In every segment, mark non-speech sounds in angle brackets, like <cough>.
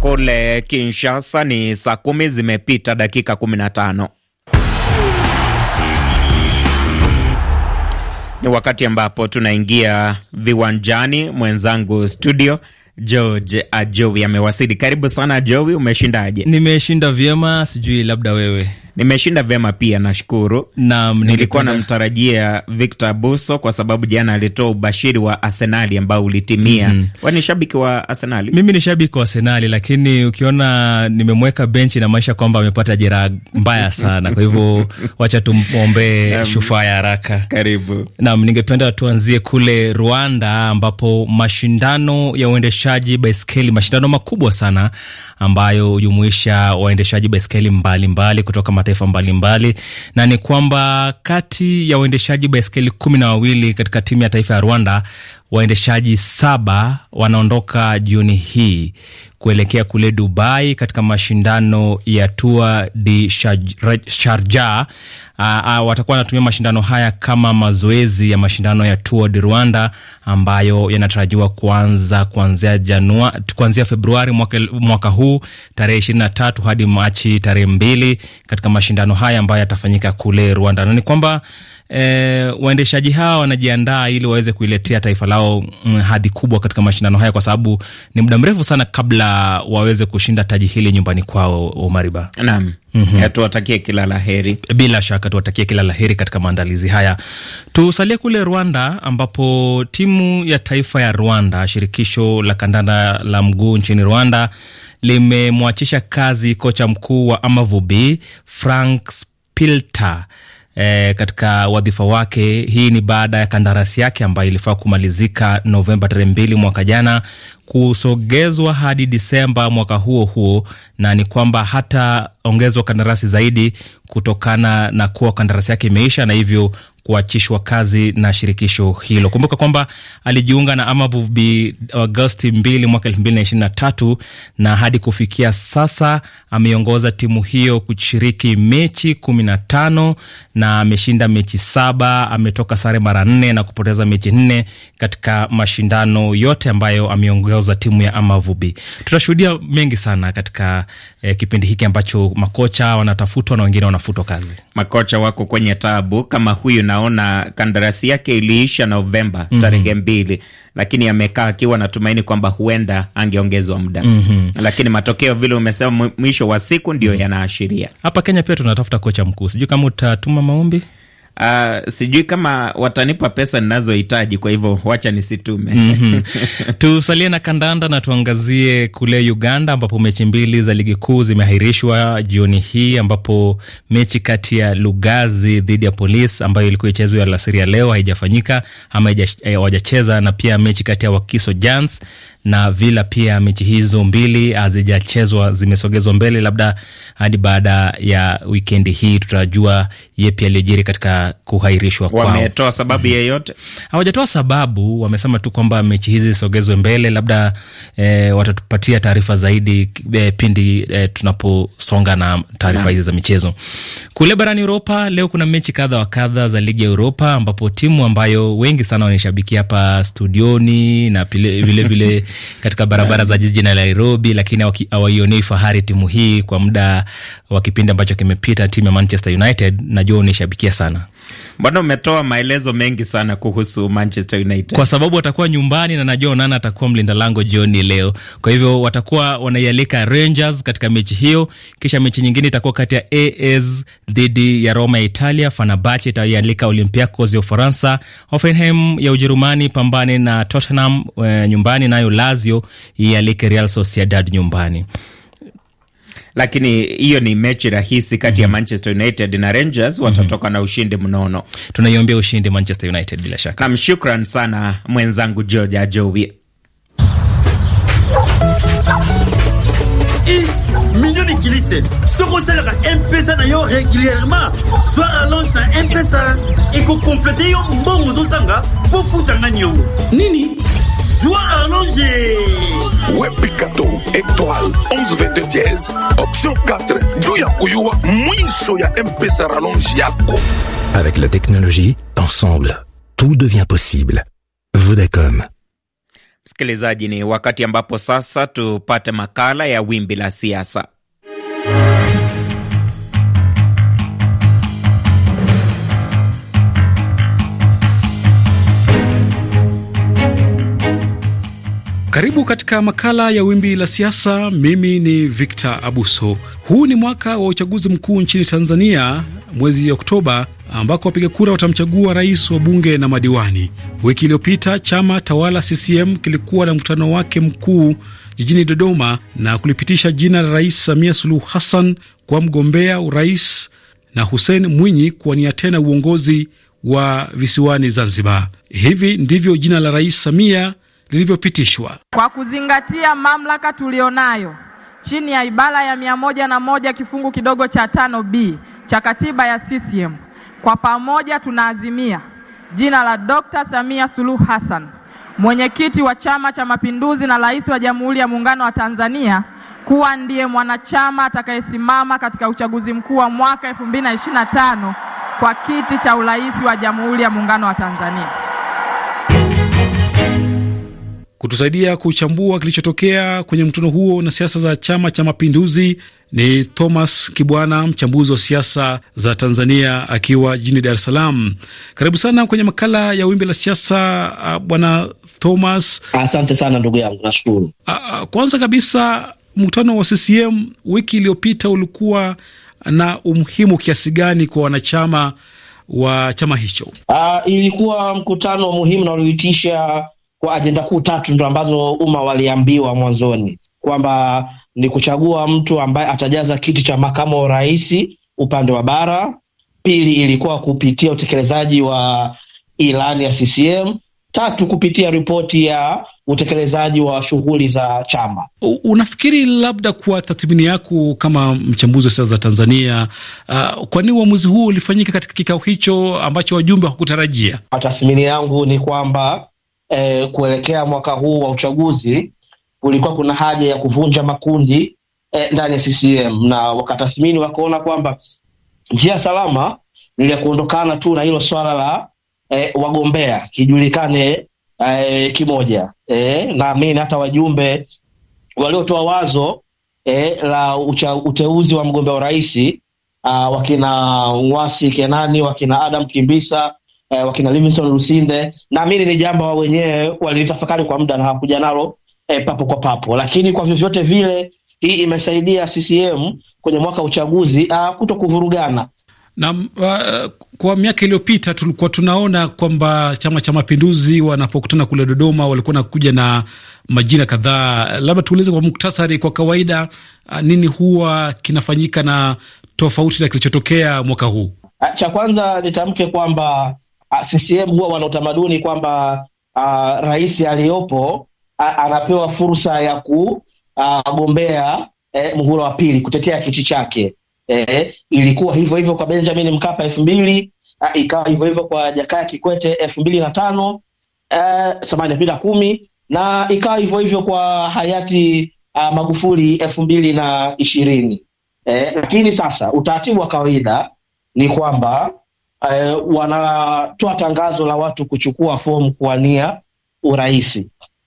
kule Kinshasa ni saa kumi zimepita dakika 15. Ni wakati ambapo tunaingia viwanjani, mwenzangu studio George Ajowi ah, amewasili. Karibu sana Ajowi, umeshindaje? Nimeshinda vyema, sijui labda wewe? Nimeshinda vyema pia, nashukuru. Naam, nilikuwa namtarajia Victor Buso kwa sababu jana alitoa ubashiri wa Arsenali ambao ulitimia. mm -hmm. Wani shabiki wa Arsenali? Mimi ni shabiki wa Arsenali, lakini ukiona nimemweka benchi na maisha kwamba amepata jeraha mbaya sana, kwa hivyo <laughs> wacha tumwombee shufaa ya haraka. Karibu. Naam, ningependa tuanzie kule Rwanda ambapo mashindano ya uendesha waendeshaji baiskeli, mashindano makubwa sana ambayo hujumuisha waendeshaji baiskeli mbalimbali kutoka mataifa mbalimbali mbali. Na ni kwamba kati ya waendeshaji baiskeli kumi na wawili katika timu ya taifa ya Rwanda waendeshaji saba wanaondoka jioni hii kuelekea kule Dubai katika mashindano ya Tour de Sharjah. Ah, ah, watakuwa wanatumia mashindano haya kama mazoezi ya mashindano ya Tour de Rwanda ambayo yanatarajiwa kuanza kuanzia Januari, kuanzia Februari mwaka, mwaka huu tarehe ishirini na tatu hadi Machi tarehe mbili katika mashindano haya ambayo yatafanyika kule Rwanda na ni kwamba e, waendeshaji hawa wanajiandaa ili waweze kuiletea taifa lao mm, hadhi kubwa katika mashindano haya, kwa sababu ni muda mrefu sana kabla waweze kushinda taji hili nyumbani kwao. Omariba, naam. Mm -hmm. Tuwatakie kila laheri. Bila shaka tuwatakie kila laheri katika maandalizi haya. Tusalie kule Rwanda, ambapo timu ya taifa ya Rwanda, shirikisho la kandanda la mguu nchini Rwanda, limemwachisha kazi kocha mkuu wa Amavubi Frank Spilta e, katika wadhifa wake. Hii ni baada ya kandarasi yake ambayo ilifaa kumalizika Novemba tarehe mbili mwaka jana kusogezwa hadi Disemba mwaka huo huo, na ni kwamba hataongezwa kandarasi zaidi kutokana na kuwa kandarasi yake imeisha na hivyo kuachishwa kazi na shirikisho hilo. Kumbuka kwamba alijiunga na Amabu Agosti mbili mwaka elfu mbili na ishirini na tatu na hadi kufikia sasa ameongoza timu hiyo kushiriki mechi kumi na tano na ameshinda mechi saba, ametoka sare mara nne na kupoteza mechi nne katika mashindano yote ambayo ameongoza timu ya Amavubi. Tutashuhudia mengi sana katika eh, kipindi hiki ambacho makocha wanatafutwa na wengine wanafutwa kazi. Makocha wako kwenye tabu kama huyu na naona kandarasi yake iliisha Novemba mm -hmm. tarehe mbili, lakini amekaa akiwa natumaini kwamba huenda angeongezwa muda mm -hmm. lakini matokeo vile umesema mwisho wa siku ndio mm -hmm. yanaashiria. Hapa Kenya pia tunatafuta kocha mkuu, sijui kama utatuma maombi uh, sijui kama watanipa pesa ninazohitaji, kwa hivyo wacha nisitume. mm -hmm. <laughs> Tusalie na kandanda na tuangazie kule Uganda ambapo mechi mbili za ligi kuu zimeahirishwa jioni hii, ambapo mechi kati ya Lugazi dhidi ya Polisi ambayo ilikuwa ichezwa alasiri ya leo haijafanyika ama eh, hawajacheza, na pia mechi kati ya Wakiso Giants na Villa pia mechi hizo mbili hazijachezwa, ah, zimesogezwa mbele, labda hadi baada ya wikendi hii tutajua yepi aliyojiri katika kuhairishwa kwao. Wametoa sababu mm-hmm. yeyote? Hawajatoa sababu, wamesema tu kwamba mechi hizi zisogezwe mbele, labda e, watatupatia taarifa zaidi e, pindi e, tunaposonga na taarifa hizi za michezo. Kule barani Uropa leo kuna mechi kadha wa kadha za ligi ya Uropa ambapo timu ambayo wengi sana wanaishabikia hapa studioni na vilevile <laughs> katika barabara za jiji la Nairobi, lakini hawaionei fahari timu hii kwa muda wa kipindi ambacho kimepita. Timu ya Manchester United najua unaishabikia sana. Mbona umetoa maelezo mengi sana kuhusu Manchester United? Kwa sababu watakuwa nyumbani na najua Onana atakuwa mlinda lango jioni leo, kwa hivyo watakuwa wanaialika Rangers katika mechi hiyo, kisha mechi nyingine itakuwa kati ya AS dhidi ya Roma ya Italia, Fenerbahce itaialika Olympiacos ya Ufaransa, Hoffenheim ya Ujerumani pambane na Tottenham e, nyumbani, nayo Lazio ialike Real Sociedad nyumbani lakini hiyo ni mechi rahisi kati ya mhm. Manchester United na Rangers mhm. watatoka na ushindi mnono. Tunaiombea ushindi Manchester United bila shaka. Nam, shukran sana mwenzangu George Ajowi. Eh, nini zwa relance Web Picato, étoile 1122 dièse, option 4, Joya Kuyua, Mouissoya MP Saralonge Yako. Avec la technologie, ensemble, tout devient possible. Vodacom. Msikilizaji, ni wakati ambapo sasa tupate makala ya wimbi la siasa. Karibu katika makala ya wimbi la siasa. Mimi ni Victor Abuso. Huu ni mwaka wa uchaguzi mkuu nchini Tanzania mwezi Oktoba, ambako wapiga kura watamchagua rais wa bunge na madiwani. Wiki iliyopita chama tawala CCM kilikuwa na mkutano wake mkuu jijini Dodoma na kulipitisha jina la Rais Samia Suluhu Hassan kwa mgombea urais na Hussein Mwinyi kuwania tena uongozi wa visiwani Zanzibar. Hivi ndivyo jina la Rais Samia lilivyopitishwa kwa kuzingatia mamlaka tuliyonayo chini ya ibara ya mia moja na moja kifungu kidogo cha tano b cha katiba ya CCM. Kwa pamoja tunaazimia jina la Dr. Samia Suluhu Hassan, mwenyekiti wa Chama cha Mapinduzi na rais wa Jamhuri ya Muungano wa Tanzania kuwa ndiye mwanachama atakayesimama katika uchaguzi mkuu wa mwaka 2025 kwa kiti cha urais wa Jamhuri ya Muungano wa Tanzania. Kutusaidia kuchambua kilichotokea kwenye mkutano huo na siasa za Chama cha Mapinduzi ni Thomas Kibwana, mchambuzi wa siasa za Tanzania akiwa jijini Dar es Salaam. Karibu sana kwenye makala ya Wimbi la Siasa, uh, Bwana Thomas. Asante sana ndugu yangu, nashukuru. Uh, kwanza kabisa mkutano wa CCM wiki iliyopita ulikuwa na umuhimu kiasi gani kwa wanachama wa chama hicho? Uh, ilikuwa mkutano muhimu na ulioitisha kwa ajenda kuu tatu ndo ambazo umma waliambiwa mwanzoni kwamba ni kuchagua mtu ambaye atajaza kiti cha makamu wa rais upande wa bara. Pili ilikuwa kupitia utekelezaji wa ilani ya CCM. Tatu, kupitia ripoti ya utekelezaji wa shughuli za chama. Unafikiri labda kwa tathmini yako kama mchambuzi wa siasa za Tanzania, uh, kwa nini uamuzi huu ulifanyika katika kikao hicho ambacho wajumbe hawakutarajia? Tathmini yangu ni kwamba e, kuelekea mwaka huu wa uchaguzi kulikuwa kuna haja ya kuvunja makundi e, ndani ya CCM na wakatathmini wakaona kwamba njia salama ni ya kuondokana tu na hilo swala la e, wagombea kijulikane e, kimoja e, naamini hata wajumbe waliotoa wazo e, la ucha, uteuzi wa mgombea urais ah, wakina Ng'wasi Kenani wakina Adam Kimbisa eh, wakina Livingstone Lusinde, naamini ni jambo wao wenyewe walitafakari kwa muda na hawakuja nalo eh, papo kwa papo, lakini kwa vyovyote vile hii imesaidia CCM kwenye mwaka uchaguzi ah, kuto kuvurugana na uh, kwa miaka iliyopita tulikuwa tunaona kwamba Chama cha Mapinduzi wanapokutana kule Dodoma walikuwa nakuja na majina kadhaa. Labda tuulize kwa muktasari, kwa kawaida uh, nini huwa kinafanyika na tofauti na kilichotokea mwaka huu? Cha kwanza nitamke kwamba Ah, CCM huwa wana utamaduni kwamba ah, rais aliyopo ah, anapewa fursa ya kugombea eh, muhula wa pili kutetea kiti chake. Eh, ilikuwa hivyo hivyo kwa Benjamin Mkapa elfu mbili ikawa hivyo hivyo kwa Jakaya Kikwete elfu mbili na tano eh, samani elfu mbili na kumi na ikawa hivyo hivyo kwa hayati uh, Magufuli elfu mbili na ishirini. eh, lakini sasa utaratibu wa kawaida ni kwamba eh, wanatoa tangazo la watu kuchukua fomu kuwania urais.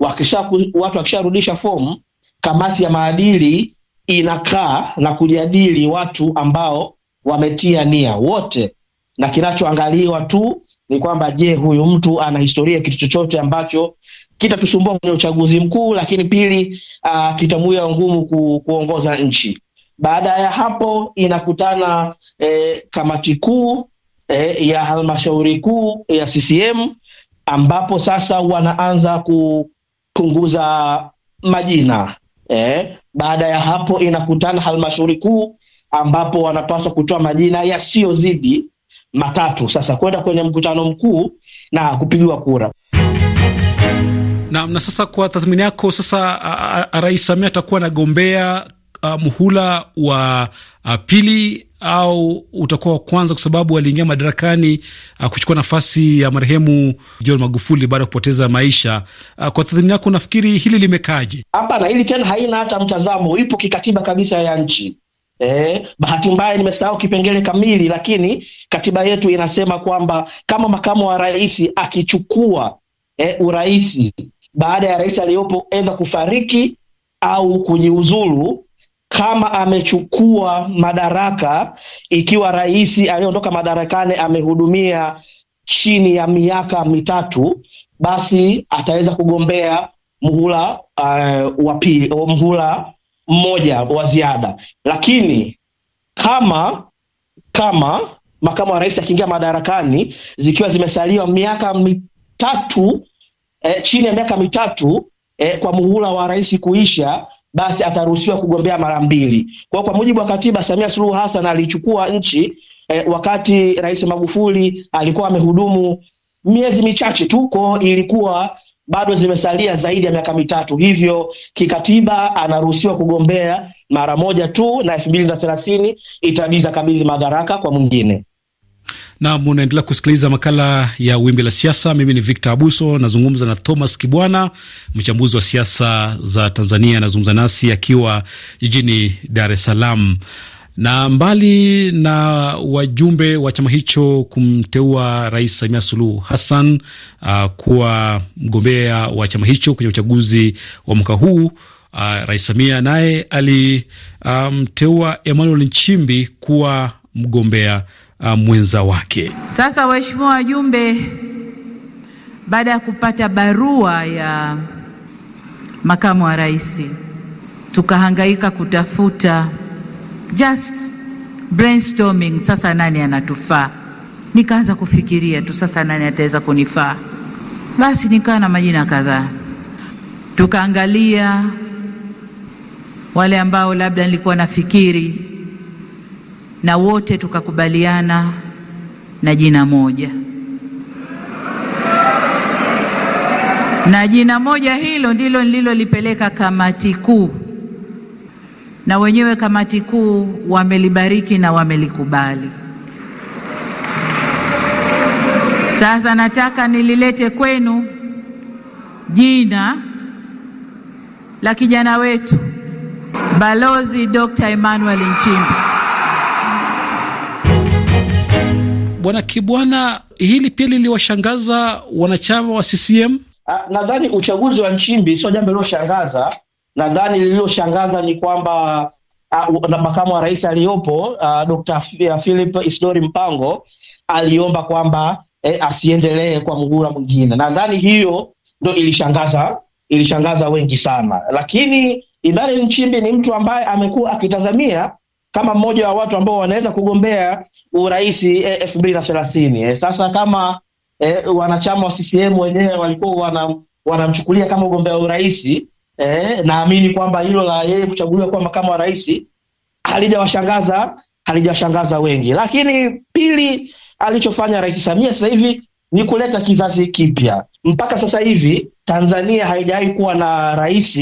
Wakisha, watu wakisharudisha fomu, kamati ya maadili inakaa na kujadili watu ambao wametia nia wote, na kinachoangaliwa tu ni kwamba je, huyu mtu ana historia kitu chochote ambacho kitatusumbua kwenye uchaguzi mkuu, lakini pili, uh, ah, kitamuia ngumu ku, kuongoza nchi. Baada ya hapo inakutana eh, kamati kuu eh, ya halmashauri kuu ya CCM ambapo sasa wanaanza kupunguza majina eh. Baada ya hapo inakutana halmashauri kuu ambapo wanapaswa kutoa majina yasiyozidi matatu sasa kwenda kwenye mkutano mkuu na kupigiwa kura. Na, na sasa kwa tathmini yako sasa Rais Samia atakuwa anagombea mhula muhula wa a, pili au utakuwa wa kwanza, kwa sababu aliingia madarakani uh, kuchukua nafasi ya marehemu John Magufuli baada ya kupoteza maisha uh, kwa tathmini yako unafikiri hili limekaaje? Hapana, hili tena haina hata mtazamo, ipo kikatiba kabisa ya nchi. Eh, bahati mbaya nimesahau kipengele kamili, lakini katiba yetu inasema kwamba kama makamu wa rais akichukua eh, uraisi baada ya rais aliyopo edha kufariki au kujiuzulu kama amechukua madaraka, ikiwa rais aliyeondoka madarakani amehudumia chini ya miaka mitatu, basi ataweza kugombea muhula uh, wa pili, muhula mmoja wa ziada. Lakini kama kama makamu wa rais akiingia madarakani zikiwa zimesaliwa miaka mitatu eh, chini ya miaka mitatu eh, kwa muhula wa rais kuisha, basi ataruhusiwa kugombea mara mbili. Kwa kwa mujibu wa katiba, Samia Suluhu Hassan alichukua nchi e, wakati Rais Magufuli alikuwa amehudumu miezi michache tu, kwa ilikuwa bado zimesalia zaidi ya miaka mitatu, hivyo kikatiba anaruhusiwa kugombea mara moja tu, na elfu mbili na thelathini itabidi akabidhi madaraka kwa mwingine. Nam, unaendelea kusikiliza makala ya Wimbi la Siasa. Mimi ni Victor Abuso, nazungumza na Thomas Kibwana, mchambuzi wa siasa za Tanzania, anazungumza nasi akiwa jijini Dar es Salaam. Na mbali na wajumbe wa chama hicho kumteua Rais Samia Suluhu Hassan uh, kuwa mgombea wa chama hicho kwenye uchaguzi wa mwaka huu uh, Rais Samia naye alimteua um, Emmanuel Nchimbi kuwa mgombea Uh, mwenza wake. Sasa waheshimiwa wajumbe, baada ya kupata barua ya makamu wa rais, tukahangaika kutafuta just brainstorming, sasa nani anatufaa? Nikaanza kufikiria tu, sasa nani ataweza kunifaa? Basi nikawa na majina kadhaa, tukaangalia wale ambao labda nilikuwa nafikiri na wote tukakubaliana na jina moja, na jina moja hilo ndilo nililolipeleka kamati kuu, na wenyewe kamati kuu wamelibariki na wamelikubali. Sasa nataka nililete kwenu jina la kijana wetu Balozi Dr. Emmanuel Nchimbi. Bwana Kibwana, hili pia liliwashangaza wanachama wa CCM. Ah, nadhani uchaguzi wa Nchimbi sio jambo lililoshangaza. Nadhani lililoshangaza ni kwamba ah, na makamu wa rais aliyopo uh, Philip Isdori Mpango aliomba kwamba eh, asiendelee kwa mgura mwingine. Nadhani hiyo ndo ilishangaza ilishangaza wengi sana, lakini Idara Nchimbi ni mtu ambaye amekuwa akitazamia kama mmoja wa watu ambao wanaweza kugombea urais eh, elfu mbili na thelathini. Eh, sasa kama e, wanachama wa CCM wenyewe walikuwa wana, wanamchukulia kama ugombea urais e, naamini kwamba hilo la yeye kuchaguliwa kuwa makamu wa rais halijawashangaza halijawashangaza wengi, lakini pili, alichofanya Rais Samia sasa hivi ni kuleta kizazi kipya. Mpaka sasa hivi Tanzania haijawahi kuwa na rais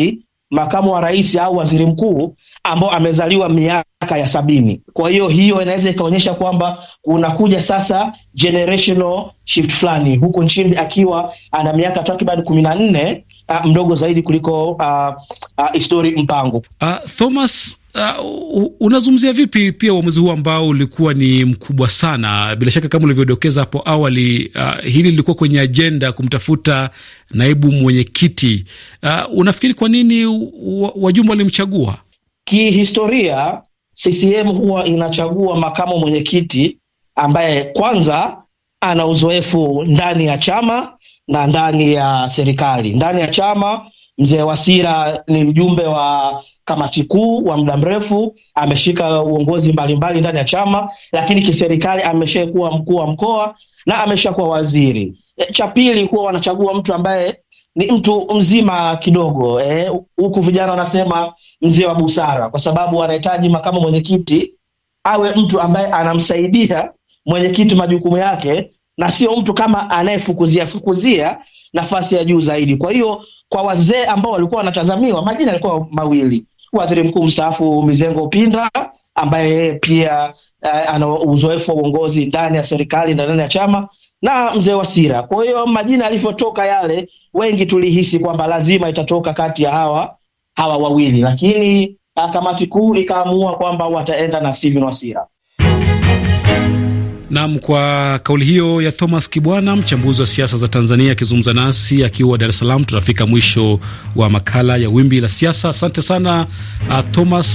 makamu wa rais au waziri mkuu ambao amezaliwa miaka ya sabini. Kwa hiyo hiyo inaweza ikaonyesha kwamba unakuja sasa generational shift fulani huku nchini, akiwa ana miaka takriban kumi na nne ah, mdogo zaidi kuliko uh, ah, uh, ah, histori mpango uh, Thomas Uh, unazungumzia vipi pia uamuzi huu ambao ulikuwa ni mkubwa sana? Bila shaka kama ulivyodokeza hapo awali, uh, hili lilikuwa kwenye ajenda kumtafuta naibu mwenyekiti. Uh, unafikiri kwa nini wajumbe walimchagua? Kihistoria CCM huwa inachagua makamu mwenyekiti ambaye kwanza ana uzoefu ndani ya chama na ndani ya serikali. Ndani ya chama Mzee Wasira ni mjumbe wa kamati kuu wa muda mrefu, ameshika uongozi mbalimbali ndani ya chama, lakini kiserikali ameshakuwa mkuu wa mkoa na ameshakuwa waziri. E, cha pili, kuwa wanachagua mtu ambaye ni mtu mzima kidogo, e, huku eh, vijana wanasema mzee wa busara, kwa sababu wanahitaji makamu mwenyekiti awe mtu ambaye anamsaidia mwenyekiti majukumu yake na sio mtu kama anayefukuzia fukuzia nafasi ya juu zaidi. Kwa hiyo kwa wazee ambao walikuwa wanatazamiwa, majina yalikuwa mawili: waziri mkuu mstaafu Mizengo Pinda ambaye yeye pia uh, ana uzoefu wa uongozi ndani ya serikali na ndani ya chama na mzee Wasira. Kwa hiyo majina yalivyotoka yale, wengi tulihisi kwamba lazima itatoka kati ya hawa hawa wawili, lakini ah, kamati kuu ikaamua kwamba wataenda na Steven Wasira. Nam, kwa kauli hiyo ya Thomas Kibwana, mchambuzi wa siasa za Tanzania akizungumza nasi akiwa Dar es Salaam, tunafika mwisho wa makala ya Wimbi la Siasa. Asante sana uh, Thomas